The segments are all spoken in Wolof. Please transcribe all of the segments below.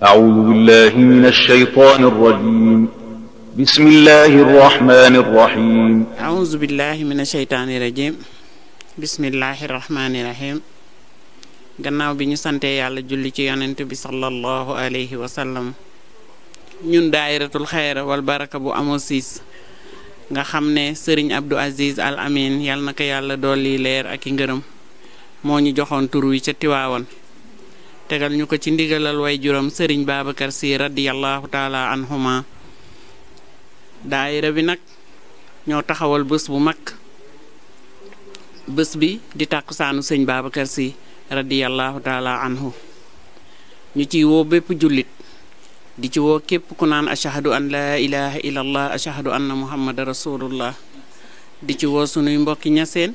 أعوذ بالله من الشيطان الرجيم بسم الله الرحمن الرحيم أعوذ gannaaw bi ñu santee yàlla julli ci yonent bi sallallahu alayhi wa sallam ñun daayiratul xayra wal bu amoo siis nga xam ne sëriñ Abdou Aziz Al Amin yal na yàlla dolli leer ak i ngërëm moo ñu joxoon tur wi ca Tiwaawan tegal ñu ko ci ndigalal way juróom sëriñ Babacar si radiyallahu taala anhuma daayira bi nag ñoo taxawal bés bu mag bés bi di tàkkusaanu sëñ Babacar si radiyallahu taala anhu ñu ciy woo bépp jullit di ci woo képp ku naan ashahadu an laa ilaha illallah ashahadu anna muhammada rasulullah di ci woo sunuy mbokki ñaseen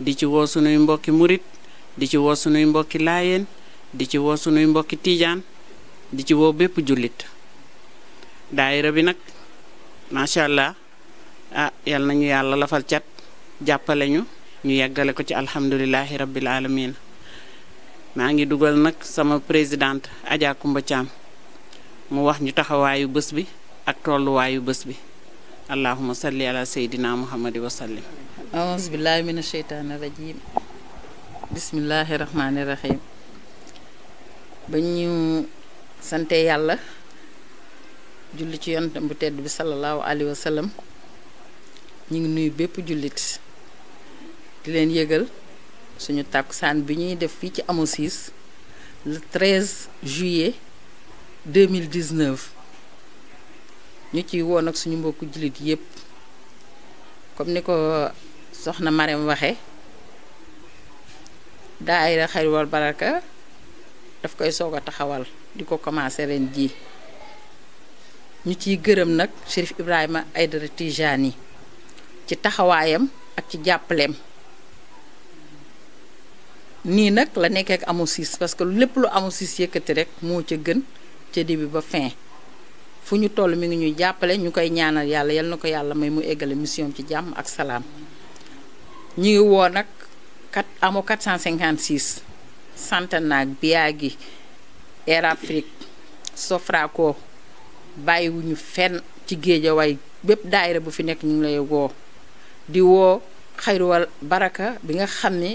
di ci woo sunuy mbokki murit di ci woo sunuy mbokki laayeen di ci woo sunuy mbokki tiijaan di ci woo bépp jullit daayira bi nag macha allah ah yal nañu yàlla lafal cat jàppale ñu ñu yeggale ko ci alhamdulilahi rabbil alamin maa ngi dugal nag sama présidente Adja Kumba mu wax ñu taxawaayu bés bi ak tolluwaayu bés bi allahuma salli ala seydina muhammadi wa ba ñu sante yàlla julli ci yontam bu tedd bi sallallahu alayhi wa sallam ñu ngi nuyu bépp jullit di leen yëgal suñu tàkkusaan bi ñuy def fii ci Amosis le 13 juillet 2019 ñu ciy woon ak suñu mbokku jullit yépp comme ni ko soxna Marème waxe daayira Xayru wal Baraka daf koy soog a taxawal di ko commencé reen jii ñu ciy gërëm nag Chérif Ibrahima Aïdara Tijani ci taxawaayam ak ci jàppaleem nii nag la nekkee ak Amou Ciss parce que lépp lu Amou Ciss yëkkati rek moo ca gën ca début ba fin fu ñu toll mi ngi ñuy jàppale ñu koy ñaanal yàlla yal na ko yàlla may mu eggale mission ci jàmm ak salaam ñu ngi woo nag kat amoo 456. Santanaak Biagi Air Afrique Sofraco bàyyiwuñu fenn ci géejawaay bépp daayira bu fi nekk ñu ngi lay woo di woo xayruwal baraka bi nga xam ne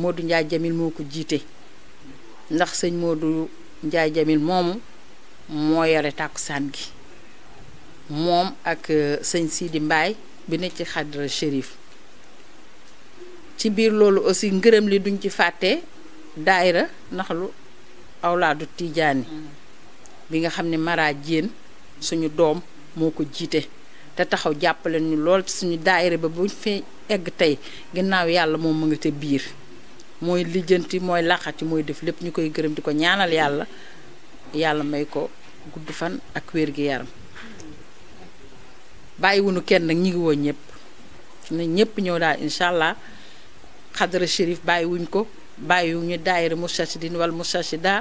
Modou Ndiaye Jamil moo jiite ndax sëñ Modou Ndiaye Jamil moomu moo yore tàkkusaan gi moom ak euh, sëñ Sidi Mbaay bi ne ci xadra shérif ci biir loolu aussi ngërëm li duñ ci fàtte daayra daaira naxlu awlaadu tijaani mm. bi nga xam ne Mara Diène suñu doom moo ko jiite te taxaw jàppale ñu lool suñu daaira ba bu fi egg tey gannaaw yàlla moom mu ngi te biir mooy lijjanti mooy laqati mooy def lépp ñu koy gërëm di ko ñaanal yàlla yàlla may ko gudd fan ak wér gi yaram bàyyiwunu kenn nag ñi ngi woon ñëpp na ñëpp ñëw daal incha allah xadara shérif bàyyiwuñ ko bàyyiwu ñu daayira wal wala daa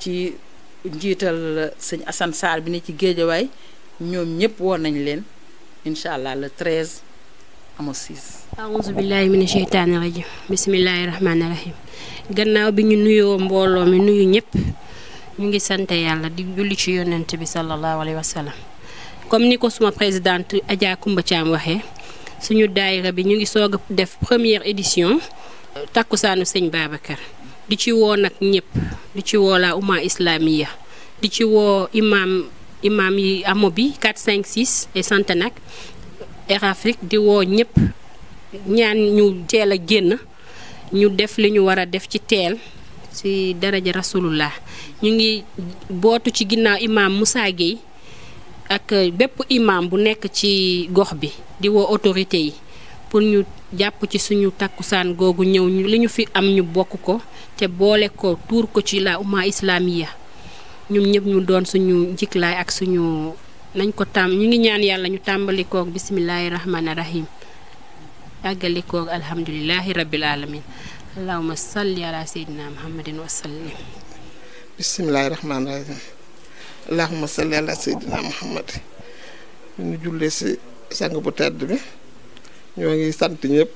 ci njiital sëñ Assane Sarr bi ne ci géejawaay ñoom ñëpp woon nañ leen incha allah le 13 amo 6. aouzu billahi mina sheytaani rajim bismillahi gannaaw bi ñu nuyoo mbooloo mi nuyu ñëpp ñu ngi sant yàlla di julli ci yonent bi sallallahu alayhi wa sallam comme ni ko suma présidente Adja Koumba Thiam waxee suñu daayira bi ñu ngi soog a def première édition. takkusaanu sëñ Babacar di ci woo nag ñëpp di ci woo la umma islamiya di ci woo imaam imam yi amo bi 4 5 6 et Santanak Air di woo ñëpp ñaan ñu teel a génn ñu def li ñu war a def ci teel ci daraja rasulullah ñu ngi bootu ci ginnaaw imam Moussa Gueye ak bépp imam bu nekk ci gox bi di woo autorité yi pour ñu jàpp ci suñu takkusaan googu ñëw ñu li ñu fi am ñu bokk ko te boole ko tuur ko ci la umma islamiya ñoom ñëpp ñu doon suñu njiklaay ak suñu nañ ko tàmm ñu ngi ñaan yàlla ñu tàmbali koog bisimilahi rahmaani rahim àggali koog alhamdulilahi rabbil alamin allahuma salli ala sayyidina muhammadin wa sallim jullee si sang bu tedd bi ñoo ngi sant ñëpp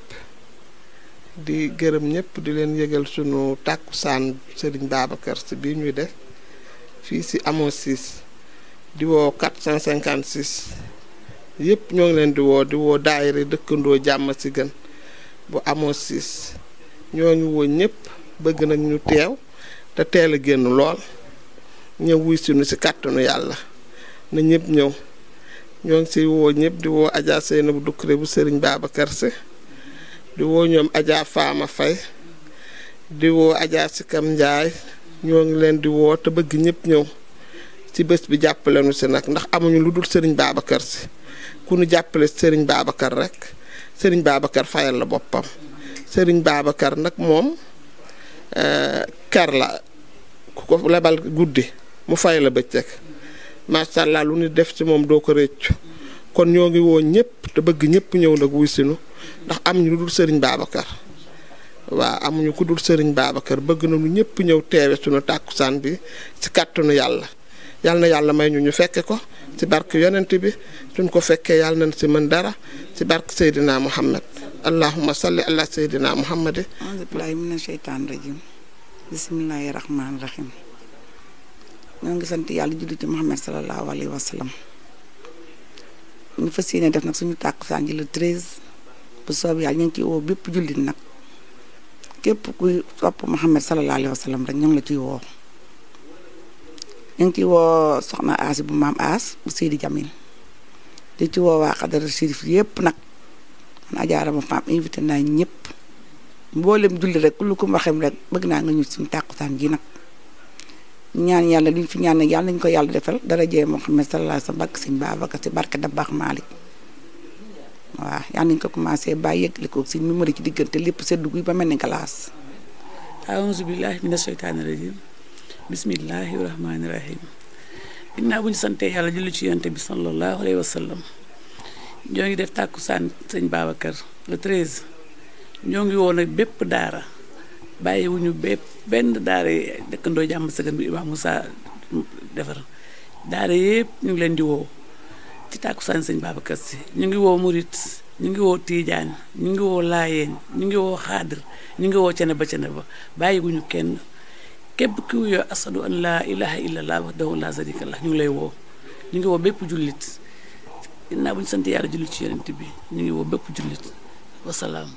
di gërëm ñëpp di leen yëgal sunu tàkkusaan Serigne Babacar Sy bi ñuy de fii si amoo siis di woo 456 yëpp ñoo ngi leen di woo di woo dëkkandoo jàmm si gën bu amoo siis ñoo ngi woo ñëpp bëgg nag ñu teew te teel a génn lool ñëw wuy sunu si kàttanu yàlla na ñëpp ñëw ñoo ngi siy woo ñëpp di woo Adja Seynabou Doucouré bu Serigne Babacar Sy di woo ñoom ajaa Faama Faye di woo Adja Sikam Ndiaye ñoo ngi leen di woo te bëgg ñëpp ñëw ci bés bi jàppale nu si nag ndax amuñu lu dul Serigne Babacar Sy ku nu jàppale Serigne Babacar rek Serigne Babacar fayal la boppam sëriñ Babacar nag moom euh, ker la ku ko lebal guddi mu fay la bëccëg. macha allah lu ñu def ci moom doo ko rëccu kon ñoo ngi woo ñëpp te bëgg ñëpp ñëw nag wuy sinu ndax am ñu lu dul sëriñ Babacar waaw amuñu ku dul sëriñ Babacar bëgg na lu ñëpp ñëw teewe sunu tàkkusaan bi ci kàttanu yàlla yàlla na yàlla may ñu ñu fekke ko ci bark yonent bi suñ ko fekkee yàlla nañ ci mën dara ci barke Seydina Muhammad allahumma salli ala Seydina Muhammad. auzu billaahi mina sheytaani rajiim bismillaahi rahmaani rahiim. ñoo ngi sant yàlla juddu ci Muhammad sallallahu alayhi wa sallam ne def nag suñu tàkkusaan ji le treize bu soob yàlla ñu ngi ciy woo bépp jullit nag képp kuy topp Muhammad sallallahu alayhi wa rek ñoo ngi la ciy woo ñu ngi ciy woo soxna aas bu maam aas bu Seydi Jamil di ci woo waa xadara Chérif yépp nag man ajaara ma faam invité naa ñëpp mboolem julli rek ku lu ko rek bëgg naa nga ñu suñu tàkkusaan ji nag ñaan yàlla luñ fi ñaan nag yàlla ko yàlla defal dara jee Muhammad sallallahu alayhi wa sallam ak sëñ Babacar si barke da baax Malick waaw yàlla nañu ko commencé bàyyi yëgle ko si numéro ci diggante lépp seddu guy ba mel ni glace. aouzu billahi mina shaytaani rajim bismillahi rahmaani rahim ginnaaw bu ñu santee yàlla julli ci yonte bi sallallahu alayhi wa sallam ñoo ngi def tàkku tàkkusaan sëñ Babacar le 13 ñoo ngi woon ak bépp daara. bàyyiwuñu bépp benn daara dëkkandoo jàmm sëgën bi Iba Moussa defar daara yëpp ñu ngi leen di woo ci tàkkusaan sëñ Babacar Si ñu ngi woo murit ñu ngi woo tiijaan ñu ngi woo laayeen ñu ngi woo xaadir ñu ngi woo cene ba cene ba bàyyiguñu kenn képp ki wuyoo asadu an laa ilaha illallah wahdahu la sharika lah ñu ngi lay woo ñu ngi woo bépp jullit ginnaaw bu ñu sant yàlla jullit ci yonent bi ñu ngi woo bépp jullit wasalaam